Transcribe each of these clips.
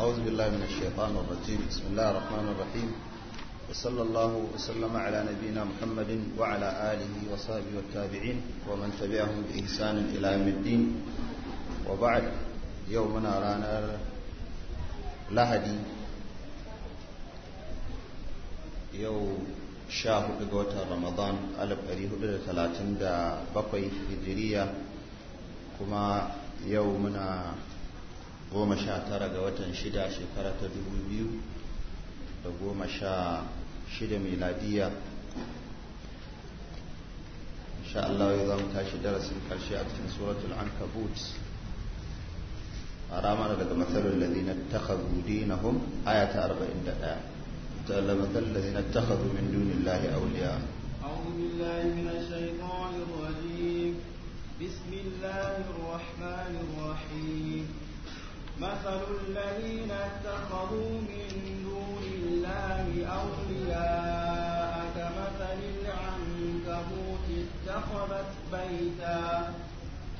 أعوذ بالله من الشيطان الرجيم بسم الله الرحمن الرحيم وصلى الله وسلم على نبينا محمد وعلى آله وصحبه والتابعين ومن تبعهم بإحسان إلى يوم الدين وبعد يومنا رانا لهدي يوم شاه بقوت رمضان ألب أريه alif ɗari بقي هجرية كما يومنا goma sha tara ga watan shida shekara ta dubu biyu da goma sha shida miladiya insha Allah ya zamu tashi darasin karshe a cikin suratul ankabut a ramar daga matsalar matsalolin ladina takhadhu dinahum aya ta 41 مثل الذين اتخذوا من دون الله أولياء أعوذ بالله من الشيطان الرجيم بسم الله الرحمن الرحيم مثل الذين اتخذوا من دون الله أولياء كمثل العنكبوت اتخذت بيتا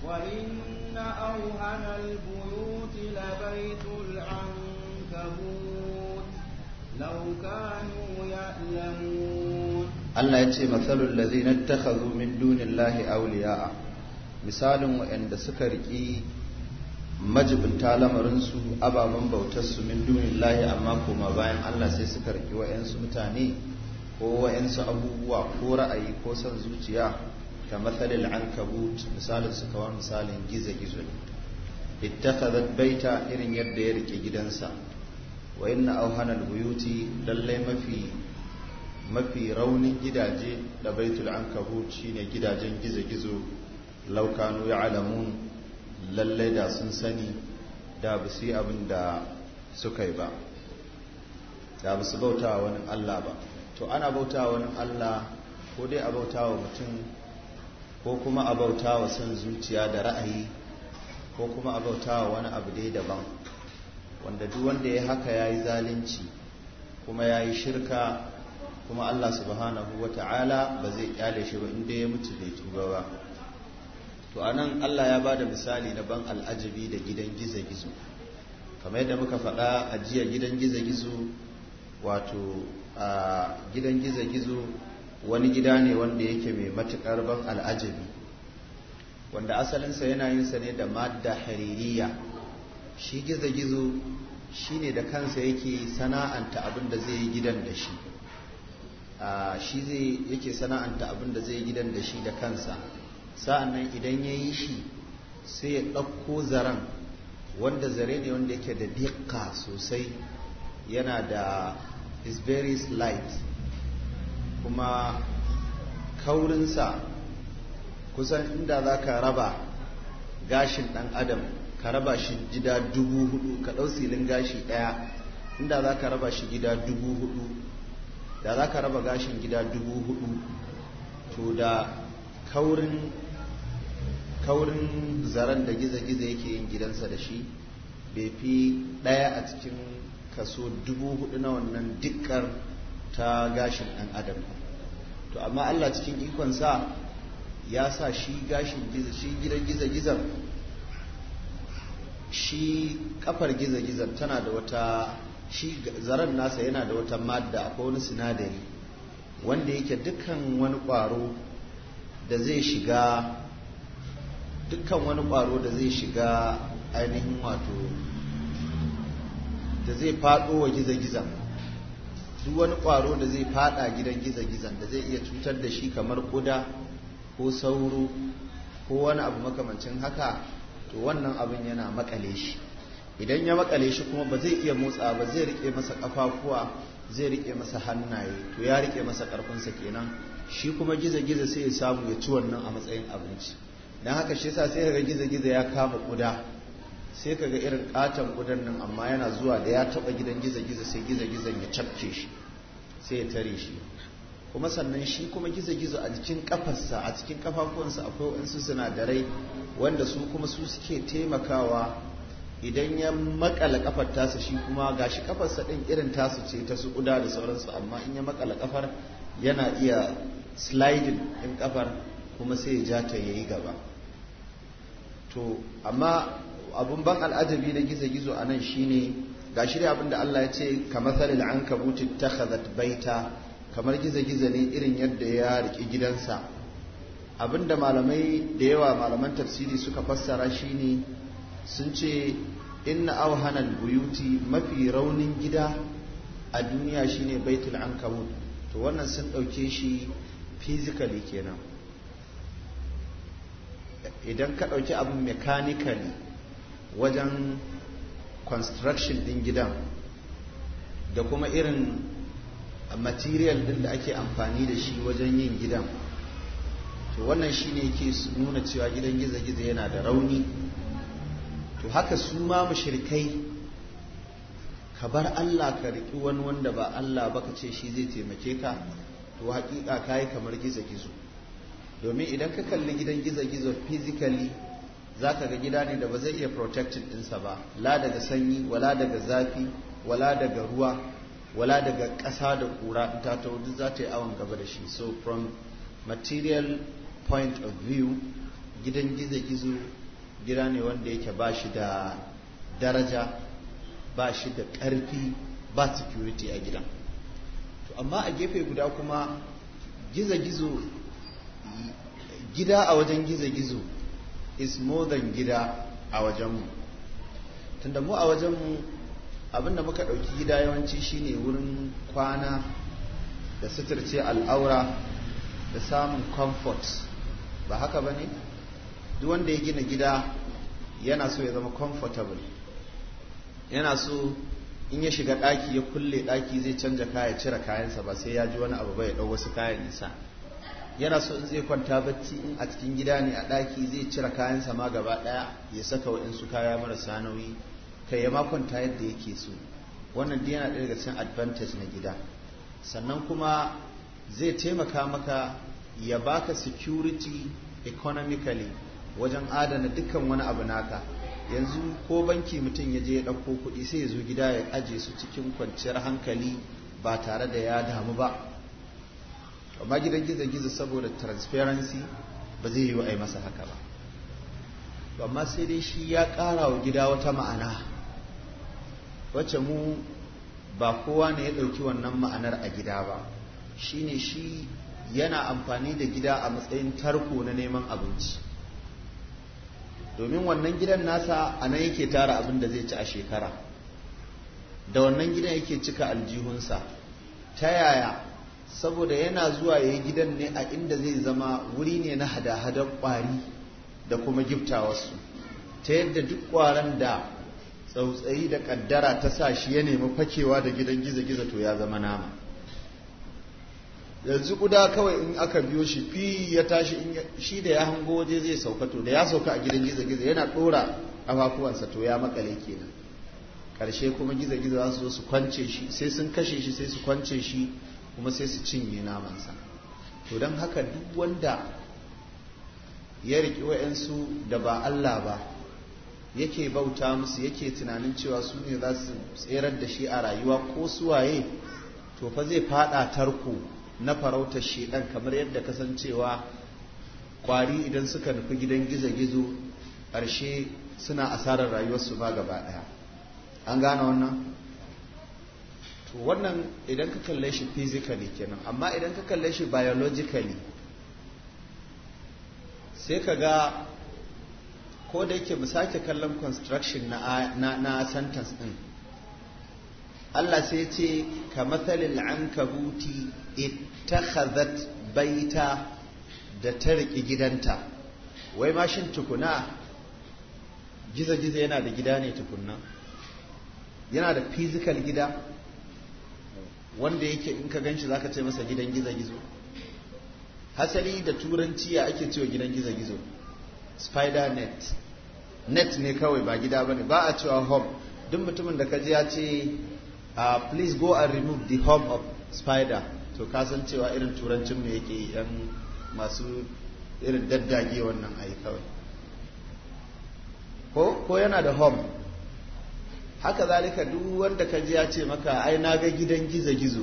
وإن أوهن البيوت لبيت العنكبوت لو كانوا يعلمون الله يتي مثل الذين اتخذوا من دون الله أولياء مثال وإن سكر إيه majibinta lamarinsu ababen bautarsu min lahi amma koma bayan Allah sai suka riki wa'yansu mutane ko wa'yansu abubuwa ko ra'ayi ko son zuciya ta matsalin an kabut misalin su kawar misalin gizo-gizo ittakhadhat baita irin yadda ya rike gidansa wa inna awhana buyuti lallai mafi mafi raunin gidaje da baitul ankabut shine gidajen gizo-gizo laukanu ya alamun lallai da sun sani da ba su yi abin da suka yi ba da ba su bauta wani Allah ba to ana bauta wani Allah ko dai a bauta wa mutum ko kuma a bauta wa son zuciya da ra'ayi ko kuma a bauta wa wani abu dai daban wanda duk wanda ya haka ya yi zalunci kuma ya yi shirka kuma Allah subhanahu wa ta'ala ba zai kyale shi ba inda ya mutu bai tuba ba to anan Allah ya bada misali na ban al'ajabi da gidan gizo-gizo kamar yadda muka faɗa a jiya gidan gizo-gizo wato a gidan gizo-gizo wani gida ne wanda yake mai matukar ban al'ajabi wanda asalinsa yana yin sa ne da madda haririya shi gizo-gizo shi ne da kansa yake sana'anta abin da zai yi gidan da shi shi zai yake sana'anta abin da zai yi gidan da shi da kansa sa'an nan idan ya yi shi sai ya ɗauko zaren wanda zare ne wanda yake da dikka sosai yana da is very slight kuma kaurinsa kusan inda za ka raba gashin ɗan adam ka raba shi gida dubu hudu ka ɗau silin gashi ɗaya inda za ka raba shi gida dubu hudu da za ka raba gashin gida dubu hudu to da kaurin kaurin zaren da gizagiza yake yin gidansa da shi bai fi ɗaya a cikin kaso dubu hudu na wannan dukkar ta gashin ɗan adam to amma Allah cikin ikonsa ya sa shi gashin giza shi gidan giza shi kafar giza tana da wata shi zaren nasa yana da wata madda akwai wani sinadari wanda yake dukkan wani ƙwaro da zai shiga dukkan wani ƙwaro da zai shiga ainihin wato da zai faɗo wa giza duk wani ƙwaro da zai faɗa gidan giza-gizan da zai iya cutar da shi kamar ƙuda ko sauro ko wani abu makamancin haka to wannan abin yana makale shi idan ya makale shi kuma ba zai iya motsa ba zai rike masa kafafuwa zai riƙe masa hannaye to ya rike masa karfinsa kenan shi kuma giza-giza sai ya samu ya ci wannan a matsayin abinci don haka shi sa sai kaga gizo-gizo ya kama kuda sai kaga irin katon kudan nan amma yana zuwa da ya taba gidan gizo-gizo sai gizo-gizon ya cafke shi sai ya tare shi kuma sannan shi kuma gizo-gizo a cikin kafarsa a cikin kafafuwansa akwai wasu sinadarai wanda su kuma su suke taimakawa idan ya makala kafar tasa shi kuma gashi kafarsa din irin tasu ce ta su kuda da sauransu amma in ya makala kafar yana iya sliding din kafar kuma sai ya ja ta yayi gaba to amma abun ban al'ajabi na gizo-gizo a nan shine ga shirya abin da Allah ya ce ka da an kabuci ta baita kamar gizo-gizo ne irin yadda ya riƙe gidansa abin da malamai da yawa malaman tafsiri suka fassara shine sun ce inna hana buyuti mafi raunin gida a duniya shine baitul ankabut to wannan sun ɗauke shi physically kenan idan ka ɗauki abin mekanikali wajen construction ɗin gidan da kuma irin material ɗin da ake amfani da shi wajen yin gidan to wannan shi ne ke nuna cewa gidan gizo-gizo yana da rauni to haka su ma mashirkai ka bar Allah ka riƙi wani wanda ba Allah ba ka ce shi zai taimake ka to haƙiƙa ka yi kamar gizo-gizo domin idan ka kalli gidan gizo-gizo physically za ka ga gida ne da ba zai iya protected ɗinsa ba la daga sanyi wala daga zafi wala daga ruwa wala daga ƙasa da ƙura ta ta duk za ta yi awon gaba da shi so from material point of view gidan gizo-gizo gida ne wanda yake ba shi da daraja ba shi da ƙarfi ba security a gidan to amma a gefe guda kuma gizo-gizo gida a wajen gizo-gizo is more than gida a wajenmu tunda mu a wajenmu abinda muka ɗauki gida yawanci shine wurin kwana da suturce al'aura da samun comfort ba haka ba ne duk wanda ya gina gida yana so ya zama comfortable yana so in ya shiga ɗaki ya kulle ɗaki zai canja kaya cire kayansa ba sai ya ji wani abu ba ya ɗau wasu kayan nisa yana so in zai kwanta bacci in a cikin gida ne a ɗaki zai cire kayansa ma gaba ɗaya ya saka waɗansu kaya marasa nauyi kai ya ma kwanta yadda yake so wannan duk yana ɗaya daga cikin advantage na gida sannan kuma zai taimaka maka ya baka security economically wajen adana dukkan wani abu naka yanzu ko banki mutum ya je ya ɗauko kuɗi sai ya zo gida ya ajiye su cikin kwanciyar hankali ba tare da ya damu ba amma gidan gizo-gizo saboda transparency ba zai yi wa a yi masa haka ba amma sai dai shi ya kara wa gida wata ma'ana wacce mu ba kowa ne ya ɗauki wannan ma'anar a gida ba shine shi yana amfani da gida a matsayin tarko na neman abinci domin wannan gidan nasa a nan yake tara abin da zai ci a shekara da wannan gidan yake cika aljihunsa ta yaya saboda yana zuwa ya gidan ne a inda zai zama wuri ne na hada-hadar kwari da kuma gifta wasu ta yadda duk kwaran da tsautsayi da ƙaddara ta sa shi ya nemi fakewa da gidan gizo-gizo to ya zama nama yanzu guda kawai in aka biyo shi fi ya tashi shi da ya hango waje zai sauka to da ya sauka a gidan gizo-gizo yana ɗora afafuwansa to ya makale kenan ƙarshe kuma gizo-gizo za su zo su kwance shi sai sun kashe shi sai su kwance shi kuma sai su cinye namansa to don haka duk wanda ya riƙi wa'yansu da ba Allah ba yake bauta musu yake tunanin cewa su ne za su tserar da shi a rayuwa ko suwaye to fa zai fada tarko na farautar shedan kamar yadda kasancewa kwari idan suka nufi gidan gizo-gizo ƙarshe suna asarar rayuwarsu ba gaba ɗaya an gane wannan to wannan idan ka kalle shi physically kenan amma idan ka kalle shi biologically sai ka ga ko da yake mu sake kallon construction na na sentence din Allah sai ce ka mathalil ankabuti ittakhadhat baita da ta riƙi gidanta wai mashin tukuna gizo-gizo yana da gida ne tukunna yana da physical gida wanda yake in ka gan ganshi zaka ce masa gidan gizo-gizo hasali da turanci ya ake cewa gidan gizo-gizo spider net net ne kawai ba gida bane ba a cewa home duk mutumin da ka kaji ya ce uh, please go and remove the home of spider to kasan cewa irin turancin mu yake yan masu irin daddage wannan ai kawai ko ko yana da home haka zalika duk wanda ka ji ya ce maka ai na ga gidan gizo gizo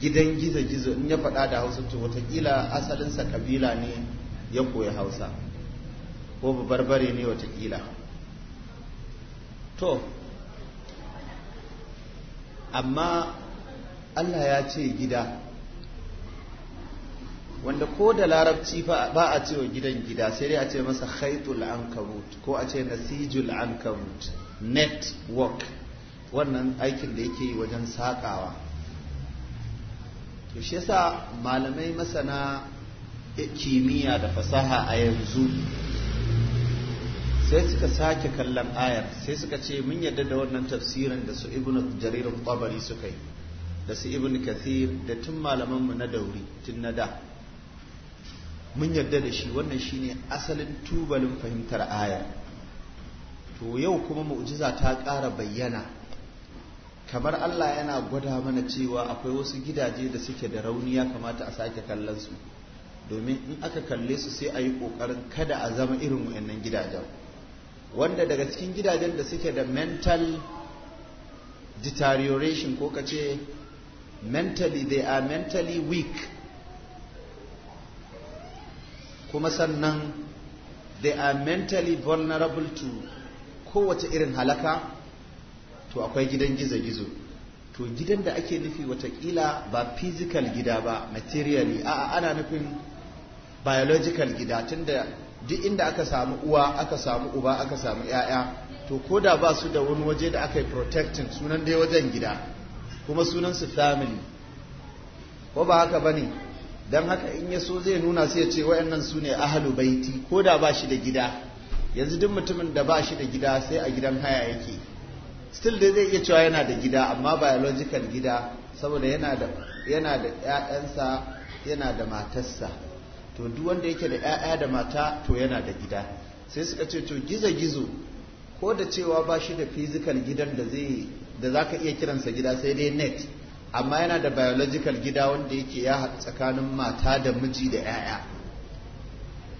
gidan gizo gizo in ya faɗa da hausa to watakila asalinsa kabila ne ya koyi hausa ko barbare ne watakila to amma allah ya ce gida wanda ko da larabci ba a cewa gidan gida sai dai a ce masa haitul ankabut ko a ce nasijul ankabut network wannan aikin da yake yi wajen sakawa to shi yasa malamai masana kimiyya da fasaha a yanzu sai suka sake kallon ayar sai suka ce mun yadda da wannan tafsirin da su ibn Jaririn ƙwabari suka yi da su ibn kathir da tun malamanmu na dauri tun na da mun yarda da shi wannan shine asalin tubalin fahimtar aya to yau kuma mu'jiza ta ƙara bayyana kamar Allah yana gwada mana cewa akwai wasu gidaje da suke da rauni ya kamata a sake kallon su domin in aka kalle su sai a yi ƙoƙarin kada a zama irin wayannan gidajen wanda daga cikin gidajen da suke da mental deterioration ko kace mentally they are mentally weak kuma sannan they are mentally vulnerable to kowace irin halaka to akwai gidan gizo-gizo to gidan da ake nufi watakila ba physical gida ba materially a'a ana nufin biological gida tunda duk inda aka samu uwa aka samu uba aka samu 'ya'ya to ko da ba su da wani waje da aka yi protecting sunan dai wajen gida kuma sunan su family ko ba haka bane ne don haka in ya so zai nuna sai ya ce wayannan su ne ahalu baiti ko da ba shi da gida yanzu duk mutumin da ba shi da gida sai a gidan haya yake still dai zai iya cewa yana da gida amma biological gida saboda yana da yana yana da matarsa to duk wanda yake da 'ya'ya da mata to yana da gida sai suka ce to gizo gizo ko da cewa ba shi da physical gidan da zai da zaka iya kiransa gida sai dai net amma yana da biological gida wanda yake ya haɗu tsakanin mata da miji da 'ya'ya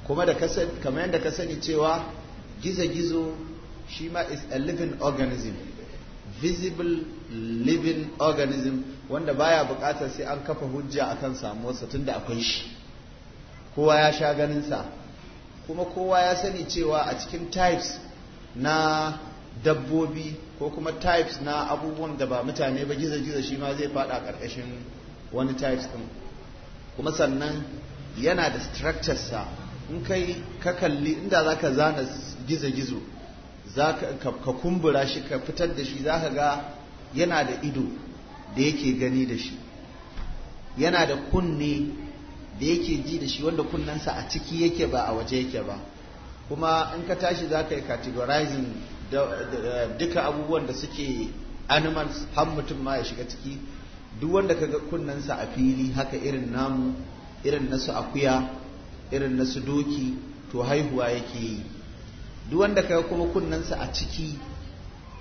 kuma da kamar yadda ka sani cewa gizo-gizo shi ma is a living organism visible living organism wanda baya buƙatar sai an kafa hujja akan samuwarsa tunda akwai shi kowa ya sha ganinsa kuma kowa ya sani cewa a cikin types na dabbobi ko kuma types na abubuwan da ba mutane ba gizo-gizo shi ma zai fada karkashin wani types ɗin kuma sannan yana da structures sa in kai ka kalli inda za ka zana gizo-gizo ka kumbura shi ka fitar da shi za ka ga yana da ido da yake gani da shi yana da kunne da yake ji da shi wanda kunnensa a ciki yake ba a waje yake ba kuma in ka tashi za ka yi categorizing duka abubuwan da suke animals har mutum ma ya shiga ciki duk wanda kaga kunnensa a fili haka irin namu irin nasu akuya irin nasu doki to haihuwa yake yi duk wanda kaga kuma kunnensa a ciki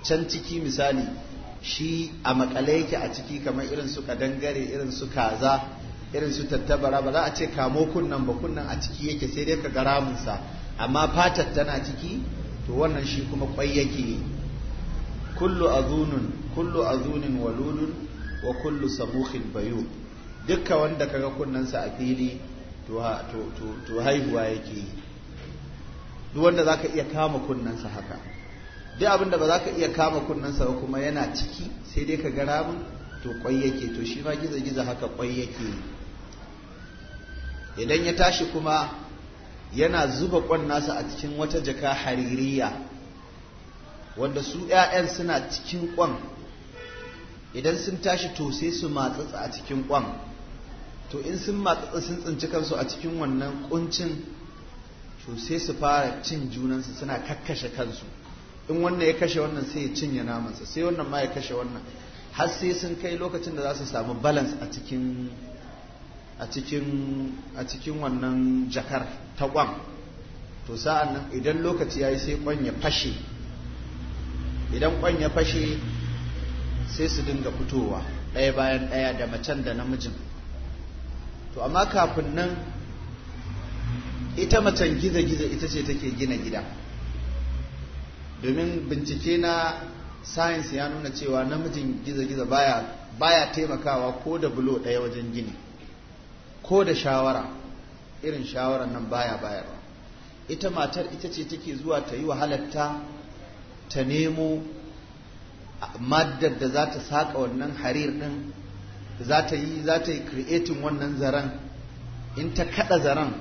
can ciki misali shi a makale yake a ciki kamar irin su kadangare irin su kaza irin su tattabara ba za a ce kamo kunnan ba kunnan a ciki yake sai dai ka ga ramunsa amma fatar tana ciki to wannan shi kuma kwai yake yi kullu azunun kullu azunin walulun wa kullu sabukhin bayu dukka wanda kaga kunnensa a fili to haihuwa yake yi duk wanda zaka iya kama kunnensa haka duk abinda ba za ka iya kama kunnensa ba kuma yana ciki sai dai ka ga ramin to kwai yake to shi ma giza-giza haka kwai yake idan ya tashi kuma yana zuba kwan nasa a cikin wata jaka haririya wanda su 'ya'yan suna cikin kwan idan sun tashi to sai su matsatsa a cikin kwan to in sun matsatsa sun tsinci kansu a cikin wannan kuncin to sai su fara cin junansu suna kakkashe kansu in wannan ya kashe wannan sai ya cinye namansa sai wannan ma ya kashe wannan har sai sun kai lokacin da za su samu balance a cikin a cikin wannan jakar ta kwan to sa'an nan idan lokaci ya yi sai kwan ya fashe idan kwan ya fashe sai su dinga fitowa ɗaya bayan ɗaya da macen da namijin to amma kafin nan ita macen giza-giza ita ce take gina gida domin bincike na science ya nuna cewa namijin giza-giza baya taimakawa ko da bulo ɗaya wajen gini ko da shawara irin shawarar nan baya bayarwa ita matar ita ce take zuwa ta yi wahalarta ta nemo maddar da za ta saƙa wannan harir ɗin za ta yi za ta yi kreatin wannan zaren in ta kaɗa zaren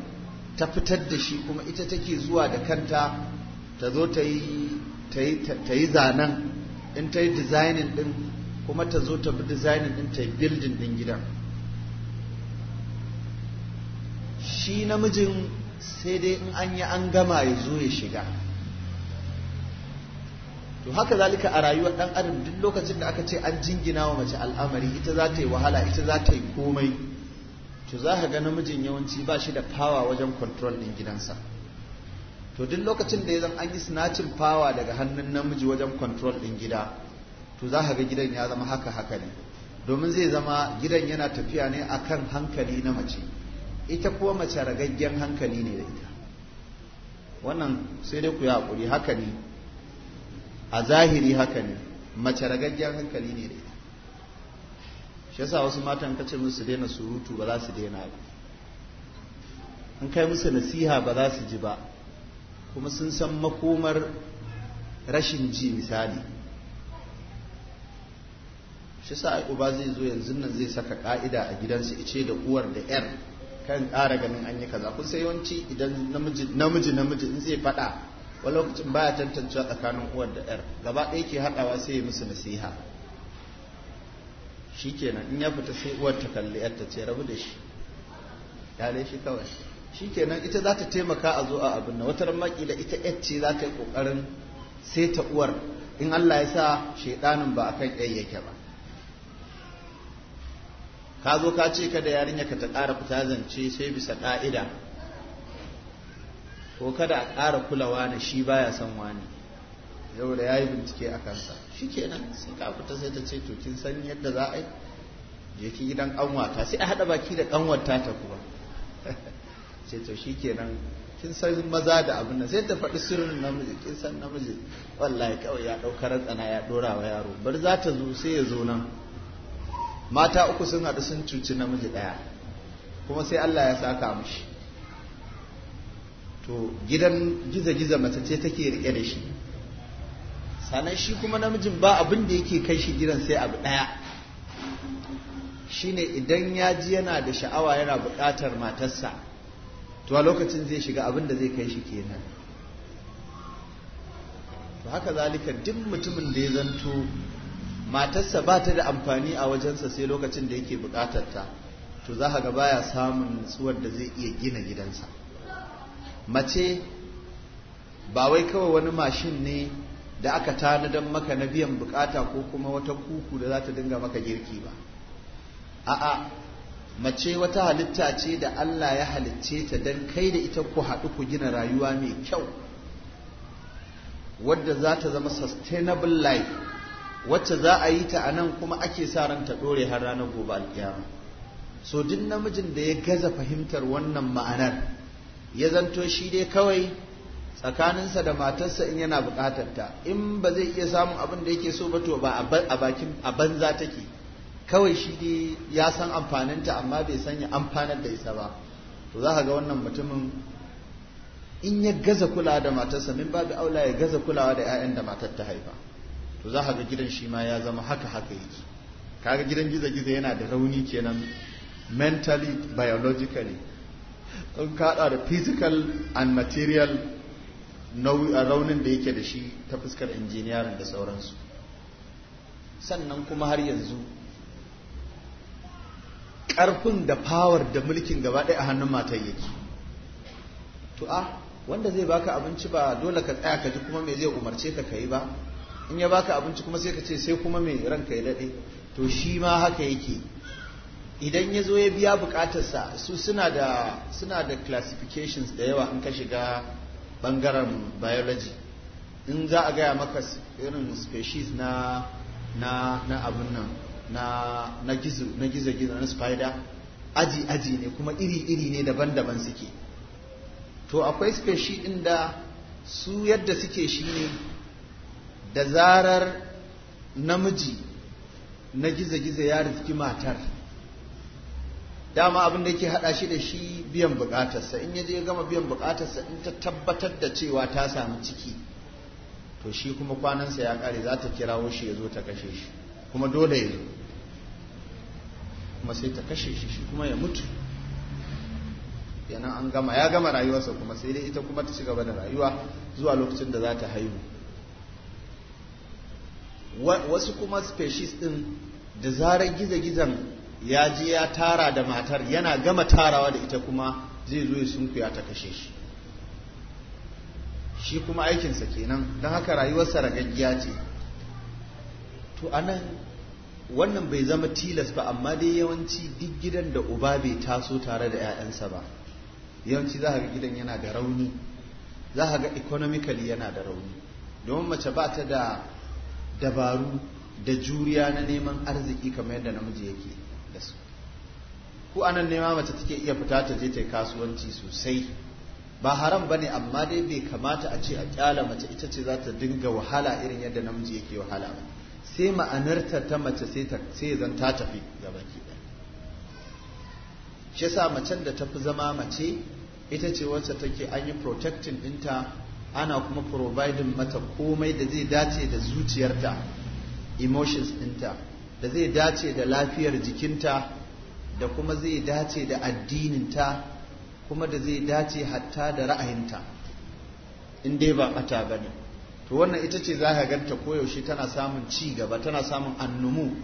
ta fitar da shi kuma ita take zuwa da kanta ta zo ta yi ta zanen in ta yi designing ɗin kuma ta zo ta bi dizainin ɗin ta yi building ɗin gidan shi namijin sai dai in an yi an gama ya zo ya shiga to haka zalika a rayuwar dan adam duk lokacin da aka ce an jingina wa mace al'amari ita za ta yi wahala ita za ta yi komai to za ka ga namijin yawanci ba shi da power wajen control din gidansa to duk lokacin da ya zan an yi sinacin power daga hannun namiji wajen control din gida to za ka ga gidan ya zama haka haka ne domin zai zama gidan yana tafiya ne akan hankali na mace ita kuwa mace ragaggen hankali ne da ita wannan sai dai ku yi haƙuri haka ne a zahiri haka ne mace ragaggen hankali ne da ita shi yasa wasu matan kace musu daina surutu ba za su daina ba an kai musu nasiha ba za su ji ba kuma sun san makomar rashin ji misali shi sa uba zai zo yanzu nan zai saka ka'ida a gidansa ice da uwar da 'yar kan ƙara ganin an yi kaza kun sai yawanci idan namiji namiji in zai faɗa wani lokacin baya tantancewa tsakanin uwar da yar gaba ɗaya ke haɗawa sai ya musu nasiha shikenan in ya fita sai uwar ta kalli yar ta ce rabu da shi dai shi kawai shikenan ita za ta taimaka a zo a abin na wata ramma kila ita yar ce za ta yi ƙoƙarin sai ta uwar in Allah ya sa shaidanin ba akan yar yake ba ka zo ka ce kada yarinya ka ta ƙara fita zance sai bisa ƙa'ida ko kada a ƙara kulawa na shi baya son wani yau da ya yi bincike a kansa shi kenan sai ka fita sai ta ce to kin san yadda za a yi je ki gidan ƙanwata sai a haɗa baki da ƙanwata ta kuma ce to shi kenan kin san maza da abin nan sai ta faɗi sirrin namiji kin san namiji wallahi kawai ya ɗaukar tsana ya ɗora wa yaro bar za ta zo sai ya zo nan mata uku sun haɗu sun cuci namiji ɗaya kuma sai Allah ya saka mushi to gidan giza-giza mace ce take rike da shi sannan shi kuma namijin ba abin da yake kai shi gidan sai abu ɗaya shine idan ya ji yana da sha'awa yana buƙatar matarsa to a lokacin zai shiga abin da zai kai shi kenan to haka zalika duk mutumin da ya zanto matarsa ba ta da amfani a wajensa sai lokacin da yake buƙatar ta to za ka ga baya samun nutsuwar da zai iya gina gidansa mace ba wai kawai wani mashin ne da aka tanadan maka na biyan bukata ko kuma wata kuku da za ta dinga maka girki ba a'a mace wata halitta ce da Allah ya halicce ta don kai da ita ku haɗu ku gina rayuwa mai kyau wadda za ta zama sustainable life wacce za a yi ta a nan kuma ake sa ran ta ɗore har ranar gobe alƙiyama so duk namijin da ya gaza fahimtar wannan ma'anar ya zanto shi dai kawai tsakaninsa da matarsa in yana buƙatar ta in ba zai iya samun abin da yake so ba to ba a bakin a banza take kawai shi dai ya san amfaninta amma bai san ya amfanar da isa ba to za ka ga wannan mutumin in ya gaza kulawa da matarsa min babu aula ya gaza kulawa da 'ya'yan da matar ta haifa to za ka ga gidan shi ma ya zama haka haka yake kaga gidan gizo-gizo yana da rauni kenan mentally biologically in kada da physical and material raunin da yake da shi ta fuskar engineering da sauransu sannan kuma har yanzu ƙarfin da power da mulkin gaba ɗaya a hannun matan yake to a ah, wanda zai baka abinci ba dole ka tsaya ka ji kuma me zai umarce ka ka yi ba in ya baka abinci kuma sai ka ce sai kuma mai ranka ya daɗe to shi ma haka yake idan ya zo ya biya bukatarsa su suna da suna da classifications da yawa in ka shiga bangaren biology in za a gaya maka irin species na na na abin nan na na gizo na gizo gizo na spider aji aji ne kuma iri iri ne daban-daban suke to akwai species din da su yadda suke shine da zarar namiji na gizagiza ya rufi matar dama abin da yake hada shi da shi biyan bukatarsa in yaje ya gama biyan bukatarsa in ta tabbatar da cewa ta samu ciki to shi kuma kwanansa ya kare za ta kirawo shi ya zo ta kashe shi kuma dole ya zo kuma sai ta kashe shi shi kuma ya mutu yana an gama ya gama rayuwarsa kuma sai dai ita kuma ta ci gaba da rayuwa zuwa lokacin da za ta haihu wasu kuma species ɗin da zarar gizagizan ya je ya tara da matar yana gama tarawa da ita kuma zai zo ya sunkuya ta kashe shi shi kuma aikinsa kenan don haka rayuwarsa ragaggiya ce to anan wannan bai zama tilas ba amma dai yawanci duk gidan da uba bai taso tare da 'ya'yansa ba yawanci za ga gidan yana da rauni za ga economically yana da rauni domin mace ba ta da dabaru da juriya na neman arziki kamar yadda namiji yake da su ku anan nema mace take iya fita ta je ta kasuwanci sosai ba haram bane amma dai bai kamata a ce a kyala mace ita ce za ta dinga wahala irin yadda namiji yake wahala ba sai ma'anarta ta mace sai ta sai zan ta tafi gaba ki shi yasa macen da tafi zama mace ita ce wacce take an yi protecting dinta. ana kuma providing mata komai da zai dace da zuciyarta emotions ɗinta da zai dace da lafiyar jikinta da kuma zai dace da addininta kuma da zai dace hatta da ra'ayinta in dai ba ɓata ba ne to wannan ita ce za ka ganta koyaushe tana samun ci gaba tana samun annumu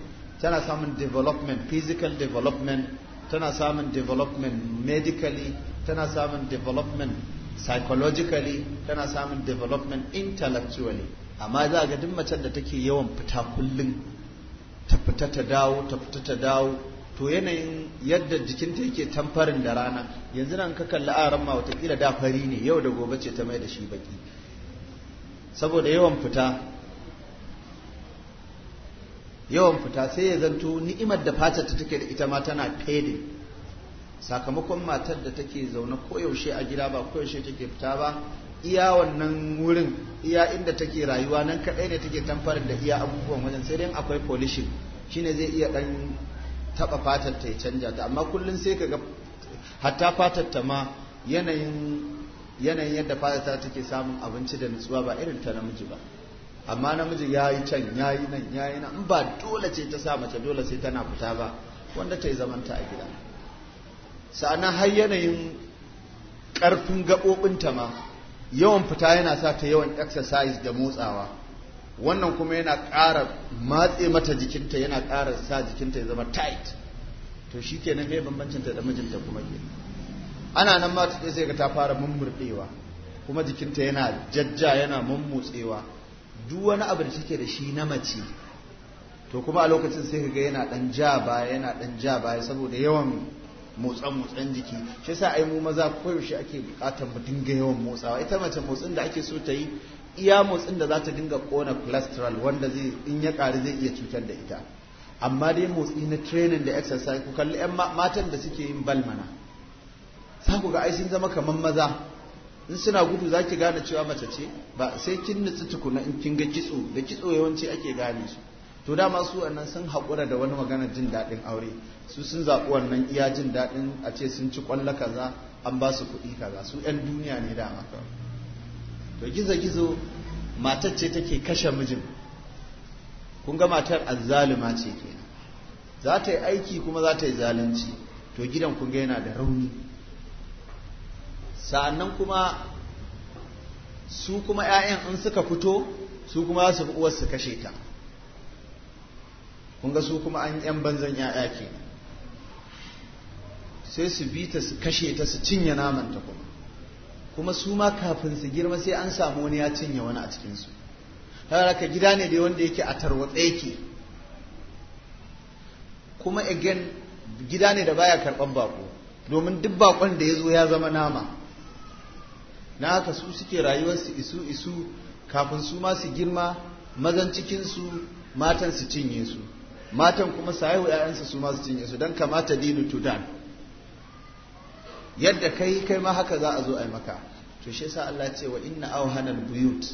tana samun development physical development tana samun development medically tana samun development psychologically tana samun development intellectually amma za ga duk macen da take yawan fita kullum ta fita ta dawo ta fita ta dawo to yanayin yadda jikinta yake tamfarin da rana yanzu nan ka kalli aran ma watakila da fari ne yau da gobe ce ta mai da shi baki saboda yawan fita yawan fita sai ya zanto ni'imar da fatar ta take da ita ma tana fading sakamakon matar da take zaune koyaushe a gida ba koyaushe take fita ba iya wannan wurin iya inda take rayuwa nan kaɗai ne take tamfar da iya abubuwan wajen sai dai akwai polishing shine zai iya ɗan taɓa fatar ta ya canja ta amma kullum sai ka ga hatta fatar ta ma yanayin yanayin yadda fatar ta take samun abinci da nutsuwa ba irin ta namiji ba amma namiji ya yi can ya yi nan ya yi nan ba dole ce ta sa mace dole sai tana fita ba wanda ta yi zamanta a gida sa'annan har yanayin ƙarfin gaɓoɓinta ma yawan fita yana sa ta yawan exercise da motsawa wannan kuma yana ƙara matse mata jikinta yana ƙara sa jikinta ya zama tight to shi ke nan kai bambancinta da mijinta kuma ke ana nan ma ta sai ga ta fara mummurɗewa kuma jikinta yana jajja yana mummutsewa duk wani abu da ke da shi na mace to kuma a lokacin sai ka ga yana ɗan ja baya yana ɗan ja baya saboda yawan motsa-motsan jiki shi sa ai mu maza koyaushe ake bukatar mu dinga yawan motsawa ita mace motsin da ake so ta yi iya motsin da za ta dinga kona cholesterol wanda zai in ya ƙari zai iya cutar da ita amma dai motsi na training da exercise ku kalli 'yan matan da suke yin balmana za ku ga ai zama kamar maza in suna gudu za ki gane cewa mace ce ba sai kin nutsu tukuna in kin ga kitso da kitso yawanci ake gane su to dama su wannan sun haƙura da wani magana jin daɗin aure su sun zaɓi wannan iya jin daɗin a ce sun ci ƙwallo kaza an ba su kuɗi kaza su 'yan duniya ne dama to gizo-gizo matar ce take kashe mijin kun ga matar azzalima ce kenan za ta yi aiki kuma za ta yi zalunci to gidan kun ga yana da rauni sa'annan kuma su kuma 'ya'yan in suka fito su kuma za su fi uwar su kashe ta kun ga su kuma an yan banzan ya'ya ke sai su bi ta su kashe ta su cinye naman ta kuma kuma su ma kafin su girma sai an samu wani ya cinye wani a cikinsu haka gida ne dai wanda yake a tarwatse yake kuma again gida ne da baya karban bako domin duk bakon da ya zo ya zama nama na haka su suke rayuwarsu isu isu kafin su ma su girma mazan cikinsu matan su cinye su matan kuma su haihu 'ya'yansa su masu cinye su don kamata dinu tudan yadda kai kai ma haka za a zo a yi maka to shi sa Allah ce wa inna auhanal buyut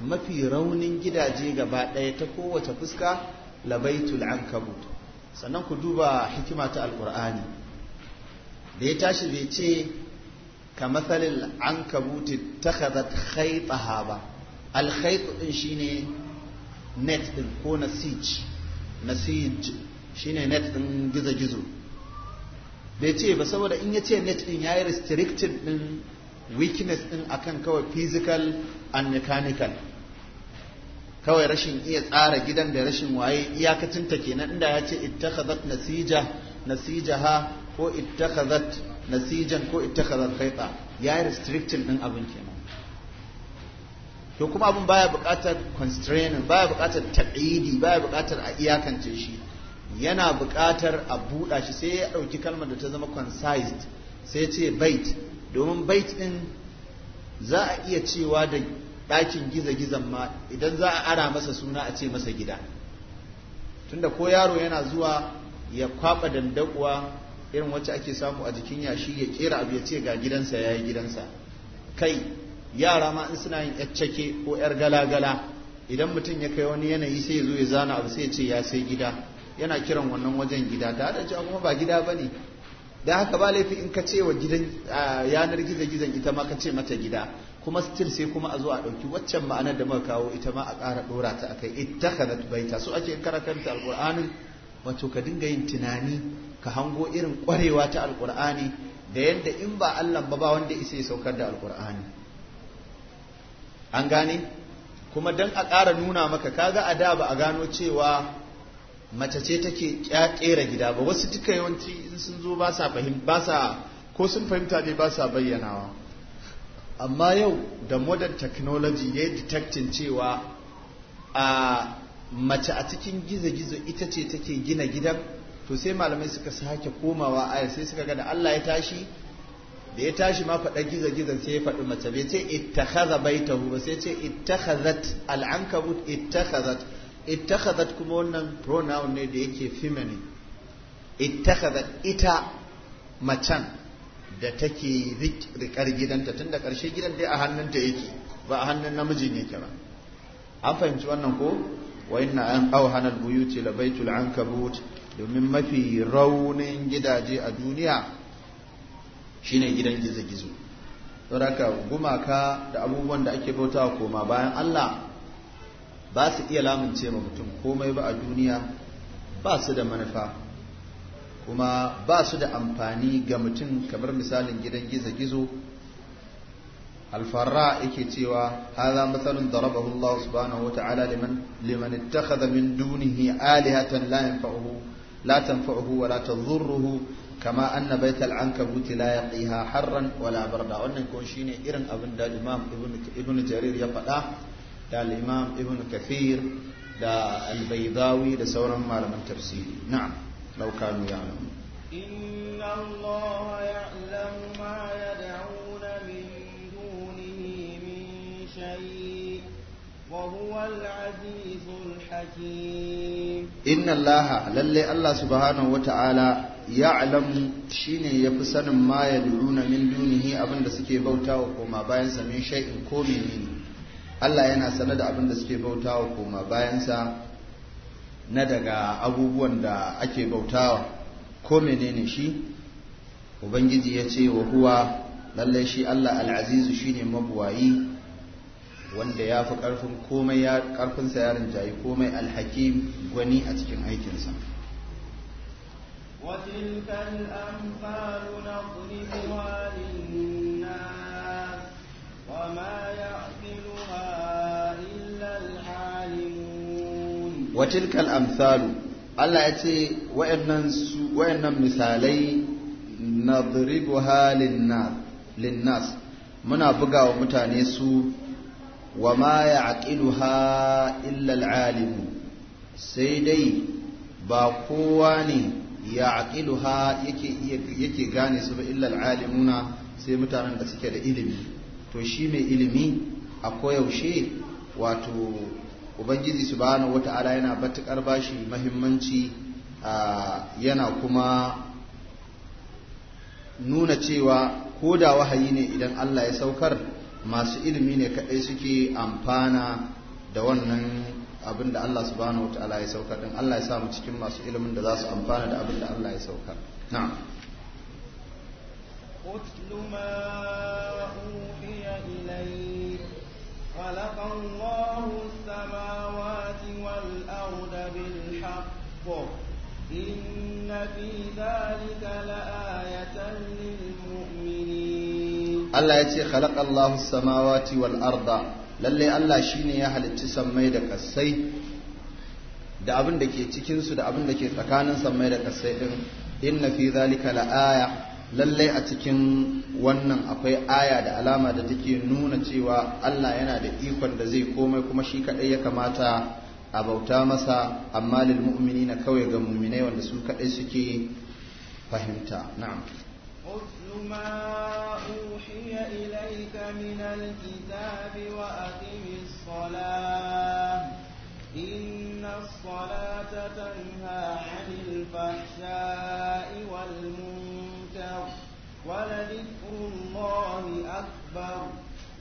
mafi raunin gidaje gaba ɗaya ta kowace fuska labaitul ankabut sannan ku duba hikima ta alqur'ani da ya tashi bai ce ka mathalil ta takhadhat khaytaha ba al ɗin din shine net ɗin ko na siege nasij shine net din gizo-gizo bai ce ba saboda in ya ce net din ya yi restricted din weakness din akan kawai physical and mechanical kawai rashin iya tsara gidan da rashin waye iyakacinta kenan inda ya ce ittakhadhat nasija nasijaha ko ittakhadhat nasijan ko ittakhadhat khayta ya yi restricted din abin kenan to kuma abin baya buƙatar constraining baya buƙatar tab'idi baya buƙatar a iyakance shi yana buƙatar a buɗa shi sai ya ɗauki kalmar da ta zama concised sai ce bait domin bait ɗin za a iya cewa da ɗakin giza-gizan ma idan za a ara masa suna a ce masa gida tunda ko yaro yana zuwa ya kwaɓa dandakuwa irin wacce ake samu a jikin yashi ya ƙera abu ya ce ga gidansa ya yi gidansa kai yara ma in suna yin yaccake ko yar galagala idan mutum ya kai wani yanayi sai ya zo ya zana abu sai ya ce ya sai gida yana kiran wannan wajen gida da da cewa kuma ba gida ba ne da haka ba laifi in ka ce wa gidan yanar gizo-gizon ita ma ka ce mata gida kuma still sai kuma a zo a ɗauki waccan ma'anar da muka kawo ita ma a ƙara ɗora ta akai ittakhadhat baita so ake karakanta alqur'anin wato ka dinga yin tunani ka hango irin ƙwarewa ta al'ƙur'ani da yadda in ba Allah ba ba wanda isa ya saukar da alƙur'ani. an gane kuma don a ƙara nuna maka kaga a da ba a gano cewa mace ce take ƙera gida ba wasu duka yawanci in sun zo ba sa fahimta ko sun fahimta ne ba sa bayyanawa amma yau da modern technology ya yi detecting cewa a mace a cikin gizo-gizo ita ce take gina gidan to sai malamai suka sake komawa aya sai suka ga da Allah ya tashi da ya tashi ma faɗa gizo sai ya faɗi mace bai ce ittakhadha baitahu ba sai ce ittakhadhat al'ankabut ittakhadhat ittakhadhat kuma wannan pronoun ne da yake feminine ittakhadhat ita macen da take rikar gidanta tun da ƙarshe gidan dai a hannunta yake ba a hannun namijin yake ba an fahimci wannan ko wa inna an auhana albuyuti labaitul ankabut domin mafi raunin gidaje a duniya shine gidan gizo-gizo saboda gumaka da abubuwan da ake bauta koma bayan Allah ba su iya lamunce ma mutum komai ba a duniya ba su da manufa kuma ba su da amfani ga mutum kamar misalin gidan gizo-gizo alfarra yake cewa haza matsalin da rabahu Allah subhanahu wa liman liman ittakhadha min dunihi alihatan la yanfa'uhu la tanfa'uhu wa la tadhurruhu kama anna baital ankabuti la yaqiha harran wala barda wannan ko shine irin abin da imam ibnu jarir ya faɗa da imam ibnu kafir da al da sauran malaman tafsiri na'am law kanu lallai allah subhanahu wa ta'ala shi ya ne ya fi sanin ma yad'una min dunihi abinda suke bautawa koma bayan sa min shay'in ko menene Allah yana sane da abinda suke bautawa koma bayan sa na daga abubuwan da ake bautawa ko menene shi ubangiji ya ce wa huwa lallai shi Allah al'azizu shi ne mabuwayi wanda ya fi ƙarfin komai ya ƙarfinsa ya rinjayi komai alhakim gwani a cikin aikinsa وتلك الأمثال نضربها للناس وما يعقلها إلا العالمون وتلك الأمثال Allah ya ce wa'annan misalai na linnas muna buga wa mutane su wa ma ya ha illal alimu sai dai ba kowa ne yaqiluha yake yake gane su ba illa alimuna sai mutanen da suke da ilimi to shi mai ilimi a koyaushe wato ubangiji subhanahu wata'ala yana batukar bashi mahimmanci yana kuma nuna cewa ko da wahayi ne idan Allah ya saukar masu ilimi ne kaɗai suke amfana da wannan abin da Allah subhanahu wa ta'ala ya sauka din Allah ya sa mu cikin masu ilimin da za su amfana da abin da Allah ya sauka na'am أتل ما أوحي إليك خلق الله السماوات والأرض بالحق إن في ذلك لآية Allah ya ce khalaqallahu samawati wal arda lalle Allah shine ya halicci sammai da kasai da abin da ke cikin su da abin da ke tsakanin sammai da kasai din inna fi zalika la aya lalle a cikin wannan akwai aya da alama da take nuna cewa Allah yana da ikon da zai komai kuma shi kadai ya kamata a bauta masa amma lil mu'minina kawai ga mu'minai wanda su kadai suke fahimta na'am اتل ما أوحي إليك من الكتاب وأقم الصلاة إن الصلاة تنهى عن الفحشاء والمنكر ولذكر الله أكبر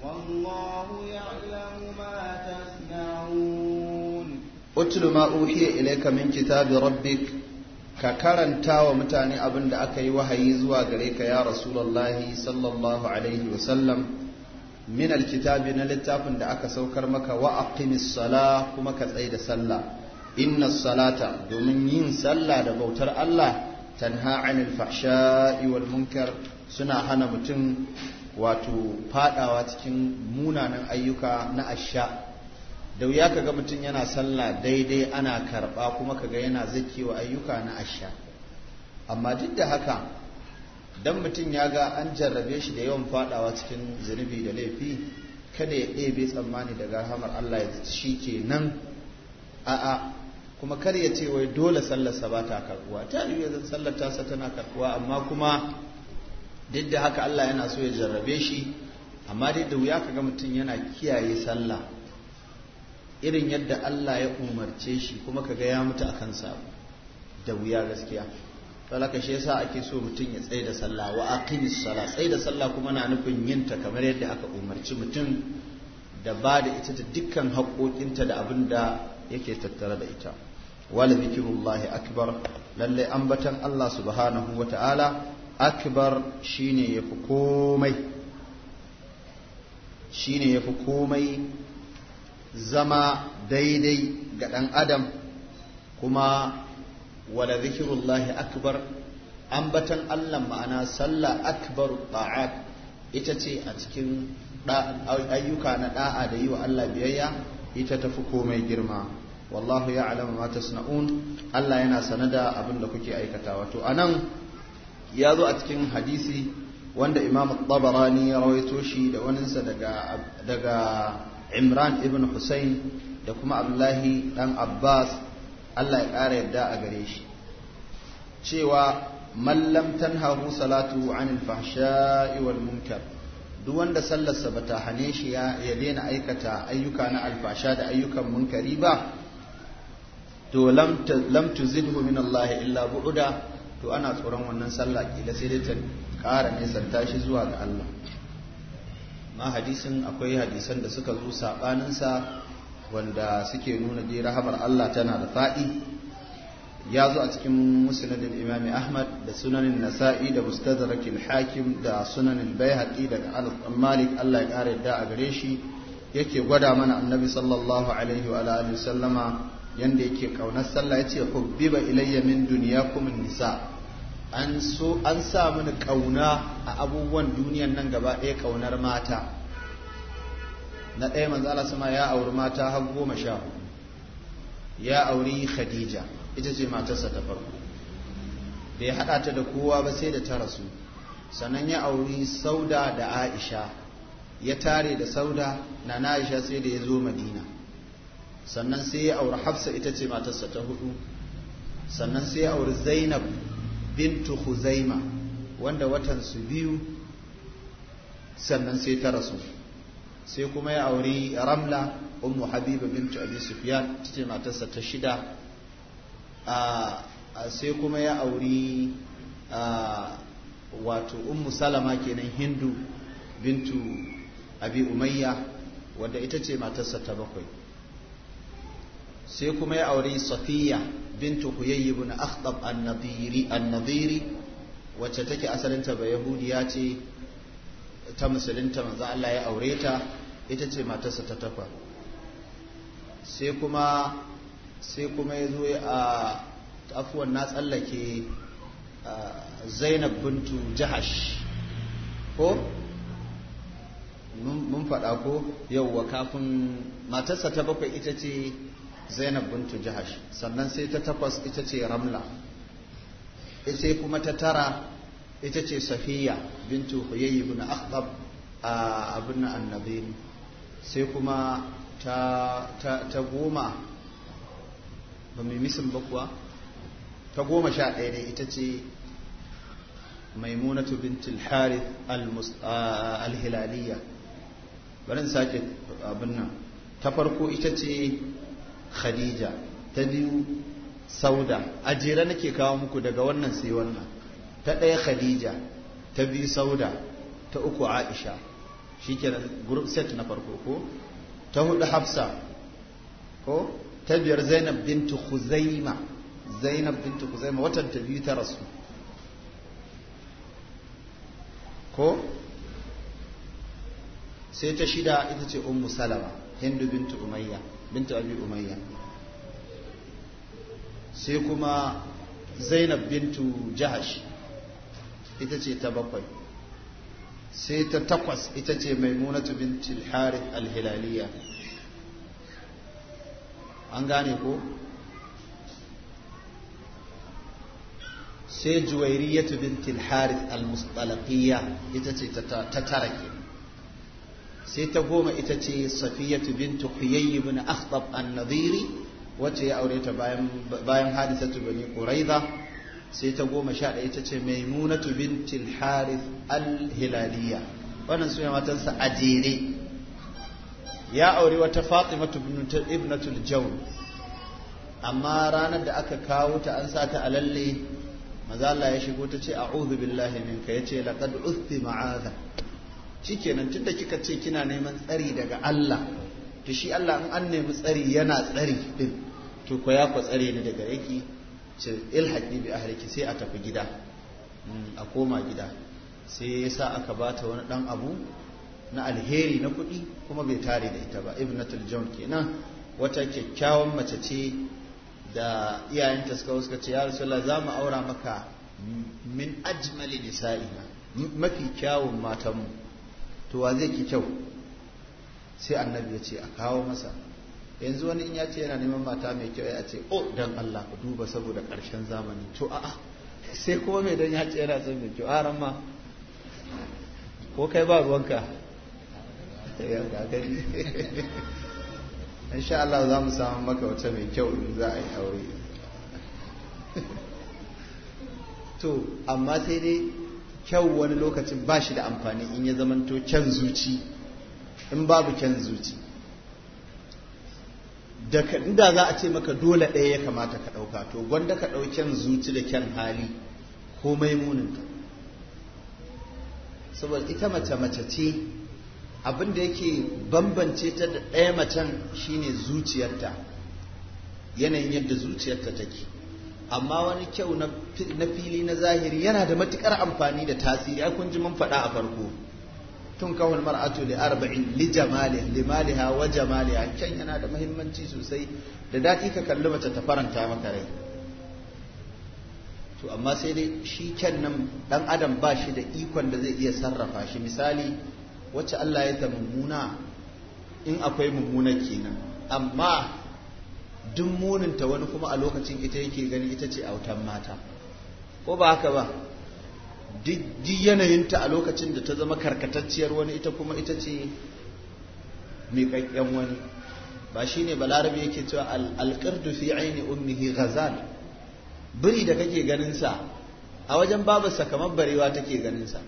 والله يعلم ما تصنعون اتل ما أوحي إليك من كتاب ربك ka karanta wa mutane abin da aka yi wahayi zuwa gare ka ya rasulallahi sallallahu alaihi wasallam min alkitabi na littafin da aka saukar maka wa aqimis sala kuma ka tsaye da sallah inna salata domin yin sallah da bautar Allah tanha anil fahsha'i wal munkar suna hana mutum wato fadawa cikin munanan ayyuka na asha da wuya kaga mutum yana sallah daidai ana karba kuma kaga yana zakewa ayyuka na asha amma duk da haka dan mutum ya ga an jarrabe shi da yawan fadawa cikin zunubi da laifi kada ya ɗebe tsammani daga rahamar Allah ya shi ke nan a'a kuma kar ya ce wai dole sallarsa ba ta karbuwa ta yi sallar tasa tana karbuwa amma kuma duk da haka Allah yana so ya jarrabe shi amma dai da wuya kaga mutum yana kiyaye sallah irin yadda Allah ya umarce shi kuma kaga ya mutu a kansa da wuya gaskiya talaka shi yasa ake so mutum ya tsaye da sallah wa aqimis sala tsaye da sallah kuma na nufin yinta kamar yadda aka umarci mutum da ba da ita da dukkan haƙoƙinta da abin da yake tattare da ita wala zikrullahi akbar lalle ambatan Allah subhanahu wa ta'ala akbar shine yafi komai shine yafi komai zama daidai ga ɗan adam kuma wala zikirullahi akbar ambatan Allah ma'ana sallah akbar ta'at ita ce a cikin ayyuka na da'a da yi wa Allah biyayya ita tafi komai girma wallahu ya'lamu ma tasna'un Allah yana sanada abinda kuke aikata wato anan ya zo a cikin hadisi wanda imam tabarani ya rawaito shi da waninsa daga daga imran ibn hussein da kuma abdullahi dan abbas allah ya ƙara yadda a gare shi cewa mallam tanhahu salatu anil fahsha'i wal munkar duk wanda sallarsa ba ta hane shi ya daina aikata ayyuka na alfasha da ayyukan munkari ba to lam tuzidhu min Allah illa bu'uda to ana tsoron wannan sallah kila sai dai ƙara nesanta shi zuwa ga Allah ma hadisin akwai hadisan da suka zo sa wanda suke nuna dai rahamar Allah tana da faɗi ya zo a cikin musnadin imami ahmad da sunanin nasa'i da mustadrakil hakim da sunanin bayhaqi daga anas bin malik Allah ya kare yadda a gare shi yake gwada mana annabi sallallahu alaihi wa alihi sallama yanda yake kaunar sallah yace biba ilayya min dunyakum nisa' an so an sa mini kauna a abubuwan duniyan nan gaba ɗaya kaunar mata na ɗaya manzo Allah sama ya auri mata har goma sha ya auri Khadija ita ce matarsa ta farko bai haɗa ta da kowa ba sai da ta rasu sannan ya auri Sauda da Aisha ya tare da Sauda na Aisha sai da ya zo Madina sannan sai ya auri Hafsa ita ce matarsa ta hudu sannan sai ya auri Zainab bintu Huzaima wanda watan su biyu sannan sai ta rasu sai kuma ya auri Ramla ummu Habiba bintu Abi Sufyan ce matarsa ta shida a sai kuma ya auri wato ummu Salama kenan Hindu bintu Abi Umayya wadda ita ce matarsa ta bakwai sai kuma ya auri Safiya bintu huyayyi ibn akhtab an wacce take asalinta ba yahudiya ce ta musulunta manzo Allah ya aure ta ita ce matarsa ta takwa sai kuma ya zo a afuwan na tsallake zainab bintu jahash ko mun faɗa ko yauwa kafin matarsa ta bakwai ita ce zainab bintu jahash sannan sai ta takwas ita ce ramla sai kuma ta tara ita ce safiya bintu huyayyi ibn akhtab a abin annabin sai kuma ta, ta, goma ba mai misin ba kuwa ta goma sha ɗaya ne ita ce maimunatu bintul harith al-hilaliya barin sake abin nan ta farko ita ce khadija ta biyu sauda a jere nake kawo muku daga wannan sai wannan ta ɗaya khadija ta biyu sauda ta uku aisha shikenan group set na farko ko ta hudu hafsa ko ta biyar zainab bintu khuzaima zainab bintu khuzaima watan ta biyu ta rasu ko sai ta shida ita ce ummu salama hindu bintu umayya binta abi umayya sai kuma zainab bintu jahash ita ce ta bakwai sai ta takwas ita ce maimunatu binti harith alhilaliya an gane ko sai juwairiyatu binti harith almustalaqiyya ita ce ta tara sai ta goma ita ce safiyatu bintu huyayyi bin akhtab an-nadiri wacce ya aure ta bayan bayan hadisatu bani quraiza sai ta goma sha ɗaya ita ce maimunatu bintil harith al-hilaliya wannan su ne matansa a jere ya aure wata fatimatu ibnatul jawn amma ranar da aka kawo ta an sa ta a lalle maza Allah ya shigo ta ce a'udhu billahi minka yace laqad ustima ma'aza tun da kika ce kina neman tsari daga Allah to shi Allah in an nemi tsari yana tsari din to ko ya ku tsare ni daga yaki ce ilhaqi bi ahliki sai a tafi gida hmm, a koma gida sai yasa aka bata wani dan abu na alheri na kuɗi kuma bai tare da ita ba ibnatul jawn kenan wata kyakkyawan mace ce da iyayenta suka suka ce ya rasulullah za mu aura maka min ajmali nisa'ina mafi kyawun matanmu to wa zai ki kyau sai annabi ya ce a kawo masa yanzu wani in ya ce yana neman mata mai kyau ya ce oh dan Allah ku duba saboda karshen zamani to a'a sai kuma mai dan ya ce yana son mai kyau aran ma ko kai ba ruwanka insha Allah za mu samu maka wata mai kyau in za a yi aure to amma sai dai kyau wani lokacin ba shi da amfani in ya zamanto kyan zuci in babu kyan zuci da za a ce maka dole ɗaya ya kamata ka ɗauka to gwanda ka ɗau kyan zuci da kyan hali ko maimuninka saboda ita mace mace ce abin da yake bambance ta da ɗaya macen shine zuciyarta yanayin yadda zuciyarta take amma wani kyau na fili na zahiri yana da matukar amfani da tasiri ai kun ji mun faɗa a farko tun kawal mar'atu li arba'in li jamali li maliha wa jamaliha kyan yana da muhimmanci sosai da dadi ka kalli mace ta faranta maka rai to amma sai dai shi kyan nan dan adam ba shi da ikon da zai iya sarrafa shi misali wacce Allah ya ta mummuna in akwai mummuna kenan amma duk muninta wani kuma a lokacin ita yake gani ita ce autan mata ko ba haka ba duk yanayinta a lokacin da ta zama karkatacciyar wani ita kuma ita ce miƙaƙƙen wani ba shi ne balarabe yake cewa alƙardu fi aini ummihi ghazal biri da kake ganinsa a wajen babarsa kamar barewa take ganinsa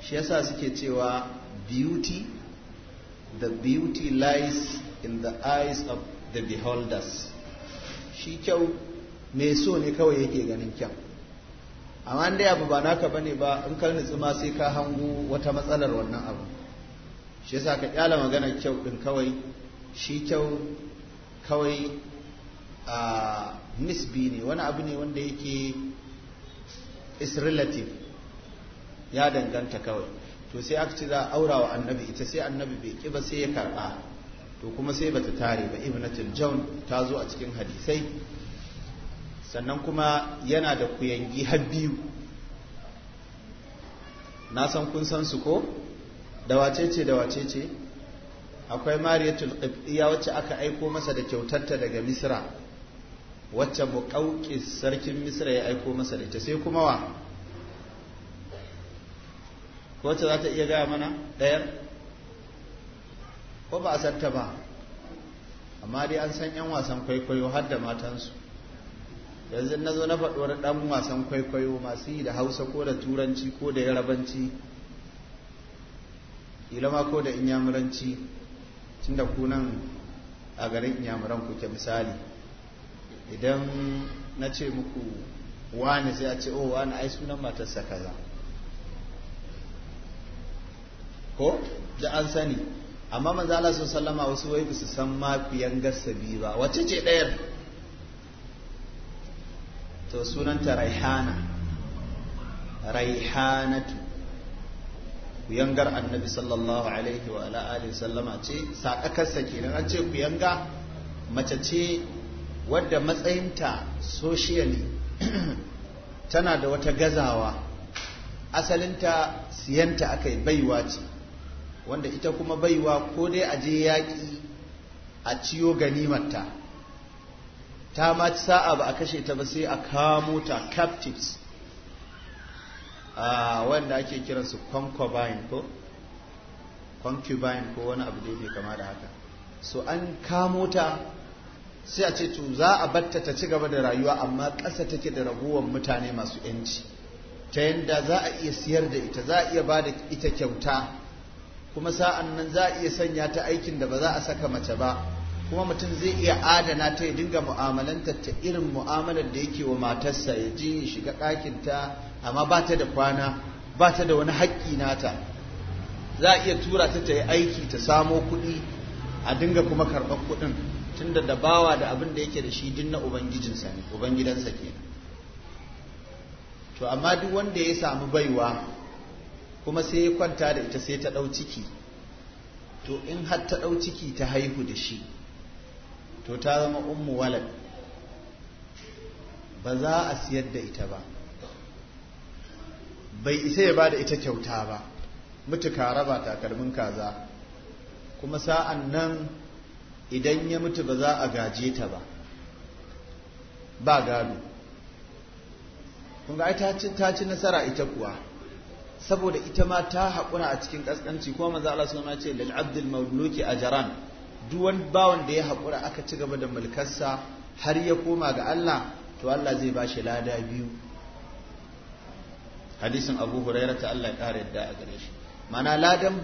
shi yasa suke cewa beauty the beauty lies in the eyes of the beholders shi kyau mai so ne kawai yake ganin kyau amma dai abu ba naka bane ba in ka nutsu ma sai ka hangu wata matsalar wannan abu shi yasa ka kyala maganar kyau din kawai shi kyau kawai a nisbi ne wani abu ne wanda yake is relative ya danganta kawai to sai aka ce za a aura wa annabi ita sai annabi bai ƙi ba sai ya karɓa to kuma sai bata tare ba ibnatul jawn ta zo a cikin hadisai sannan kuma yana da kuyangi har biyu na san kun san su ko da ce, da ce. akwai mariyatul qibtiya wacce aka aiko masa da kyautarta daga misra wacce muqawqis sarkin misra ya aiko masa da ita sai kuma wa wacce za ta iya gaya mana ɗayan. ko ba a ta ba amma dai an san 'yan wasan kwaikwayo har da matansu yanzu na zo na faɗuwar ɗan wasan kwaikwayo masu yi da hausa ko da turanci ko da yarabanci ilama ko da inyamuranci tunda ku nan a garin inyamuran kuke misali idan na ce muku wani sai a ce o oh, wani ai sunan matarsa kaza ko da an sani amma manzo Allah sallama wasu wai su san mafiyan gasabi ba wacce ce ɗayar to sunanta raihana raihanatu kuyangar annabi sallallahu alaihi wa ala alihi sallama ce sa kenan an ce kuyanga mace ce wadda matsayinta socially tana da wata gazawa asalinta siyanta akai baiwa ce wanda ita kuma baiwa ko dai a je yaƙi a ciyo ganimarta ta ma sa'a ba a kashe ta ba sai a kamo ta captives wanda ake kiransu concubine ko concubine ko wani abu da yake kama da haka so an kamo ta sai a ce to za a batta ta ci gaba da rayuwa amma ƙasa take da ragowar mutane masu yanci ta yadda za a iya siyar da ita za a iya ba da ita kyauta kuma sa'an nan za a iya sanya ta aikin da ba za a saka mace ba kuma mutum zai iya adana ta ya dinga mu'amalanta ta irin mu'amalar da yake wa matarsa ya ji ya shiga ɗakinta amma ba ta da kwana ba ta da wani haƙƙi nata za a iya tura ta ta yi aiki ta samo kuɗi a dinga kuma karɓar kuɗin tunda da bawa da abin da yake da shi din na ubangijinsa ne ubangidansa kenan to amma duk wanda ya samu baiwa kuma sai ya kwanta da ita sai ta ɗau ciki to in har ta ɗau ciki ta haihu da shi to ta zama ummu walad ba za a siyar da ita ba bai isa ya ba da ita kyauta ba Mutu ka raba takalmin kaza kuma sa'an nan idan ya mutu ba za a gaje ta ba ba gado kun ga ai ta ci nasara ita kuwa saboda ita ma ta haƙura a cikin ƙasƙanci kuma manzo Allah sun ce lil abdul mamluki ajran duk wani bawan da ya haƙura aka ci gaba da mulkarsa har ya koma ga Allah to Allah zai ba shi lada biyu hadisin Abu Huraira ta Allah ya ƙara yadda a gare shi mana ladan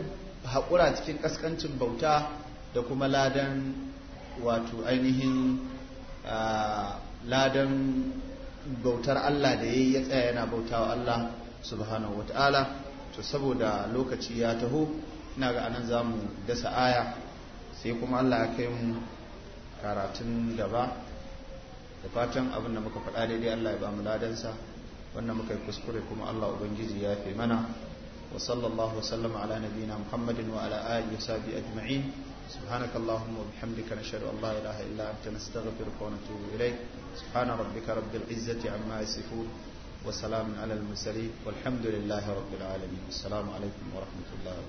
haƙura cikin ƙasƙancin bauta da kuma ladan wato ainihin ah, ladan bautar Allah da ya tsaya yana bautawa Allah subhanahu wataala to saboda lokaci ya taho ina ga anan za mu dasa aya sai kuma allah ya kai mu karatun gaba da fatan abin da muka faɗa daidai allah ya ba mu ladansa wannan muka yi kuskure kuma allah ubangiji ya fi mana wa sallallahu wasallama ala nabiyina muhammadin wa ala alihi wa sahbihi ajma'in سبحانك اللهم وبحمدك نشهد ان لا اله الا انت نستغفرك ونتوب اليك سبحان ربك رب العزه عما يصفون وسلام على المرسلين والحمد لله رب العالمين السلام عليكم ورحمة الله